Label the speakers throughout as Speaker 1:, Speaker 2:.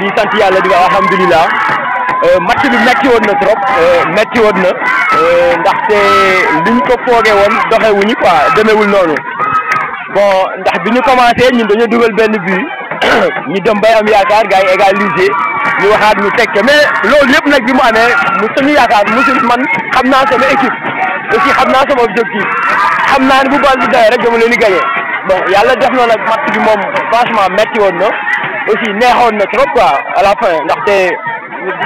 Speaker 1: di sant yàlla di wax alhamdulilah euh, match bi metti woon na trop euh, metti woon na euh, ndaxte liñ ko foogee woon ñu quoi demewul noonu bon ndax bi ñu commencé ñu dañoo dugal benn but ñu dem bay am yaakaar gars yi égaliser ñu waxaat ñu tekke mais loolu lépp nag bi mu amee mu suñu yaakaar musul man xam naa sama équipe aussi xam naa sama objectif xam naa ni bu bal bi dawee rek dama leen di gagné bon yàlla def na nag match bi moom franchement metti woon na aussi neexoon na trop quoi à la fin ndaxte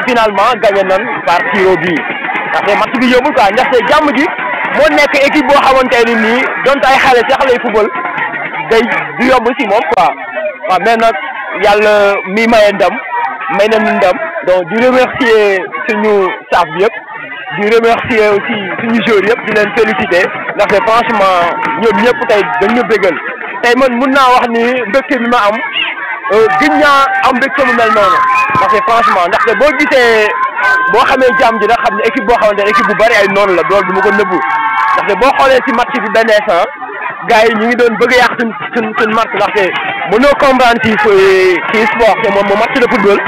Speaker 1: finalement gagné nan par tir au but ndaxte match yombul quoi ndaxte jàmm ji moo nekk équipe boo xamante ni nii donte ay xale si xale yu football day du yomb si moom quoi waaw mais nag yàlla mi maye ndam may na nañu ndam donc di remercier suñu staff bi yëpp di remercier aussi suñu joueurs yëpp di leen féliciter ndaxte franchement ñoom ñëpp tey dañu ñu bëggal tey man mun naa wax ni mbégte bi ma am. Euh, gën ñaa am mbégte mu mel noonu parce que franchement ndaxte boo gisee boo xamee jàmm ji da xam ne équipe boo xamante ne équipe bu bari ay noonu la loolu du ma ndaxte boo xoolee ci match bi benn instant gars yi ñu ngi doon bëgg a yàq suñ suñ suñ match ndaxte mënoo comprendre ci ci sport te moom moom match de football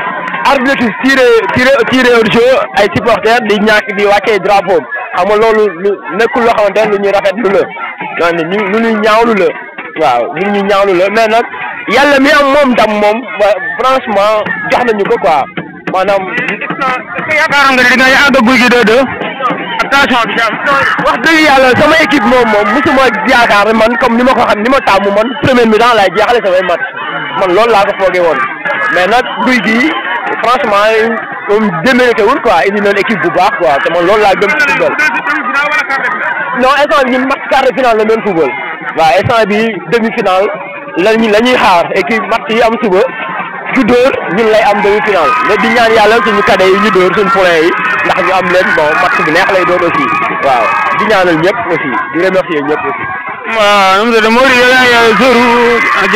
Speaker 1: arbitre tiré tiré tiré au jeu ay supporters di ñàkk di wàccee drapeau xam na loolu lu nekkul loo xamante ne lu ñuy rafetlu la maanaam ñu lu ñuy ñaawlu la waaw lu ñuy ñaawlu la mais nag. yàlla mi am moom ndam moom franchement jox nañu ko quoi maanaam. gis naa est-ce
Speaker 2: que yaakaaroon nga ne dina yàgg guy
Speaker 1: gi doo doo. attention bi daal. wax dëgg yàlla sama équipe moom moom mosuma yaakaar man comme ni ma ko xam ni ma taamu man première mi-temps laay jeexale samay match man loolu laa ko foogee woon mais nag guy gi franchement moom démérité wul quoi indi nañu équipe bu baax quoi te man loolu laa gëm ci football. non instant bi match quart de finale la doon football. waaw instant lañu la ñuy xaar et puis match yi am suba ku dóor ñun lay am demi final mais di ñaan yàlla suñu cadet yi ñu dóor suñu poulain yi ndax ñu am leen bon match bu neex lay doon aussi waaw di ñaanal ñëpp aussi di remercier ñëpp aussi.
Speaker 2: waaw monsieur Mody yow jour ah,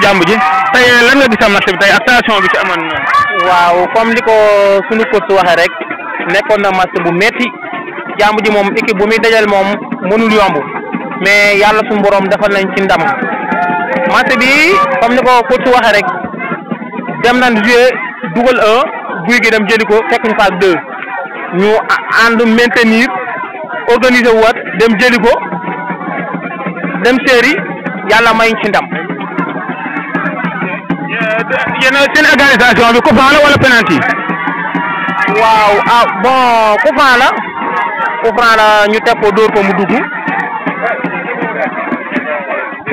Speaker 2: jàmb ji tey lan nga gis match bi tey bi ci amoon. waaw comme li ko suñu coach waxee rek nekkoon na match bu metti jàmb ji moom équipe bu muy dajal moom mënul yomb. mais yàlla suñu borom defal nañ ci ndam match bi comme ni ko coach waxee rek dem nañ jouer dugal un guy gi dem jëli ko fekk ñu faak deux ñu ànd maintenir organiser wu waat dem jëli ko dem séeri yàlla may ci ndam. yéen seen organisation bi coup la wala penalty. waaw ah bon coup la coup la ñu teg ko dóor ko mu dugg.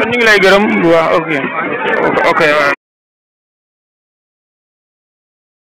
Speaker 2: ñu ngi lay gërëm waaw ok ok waaw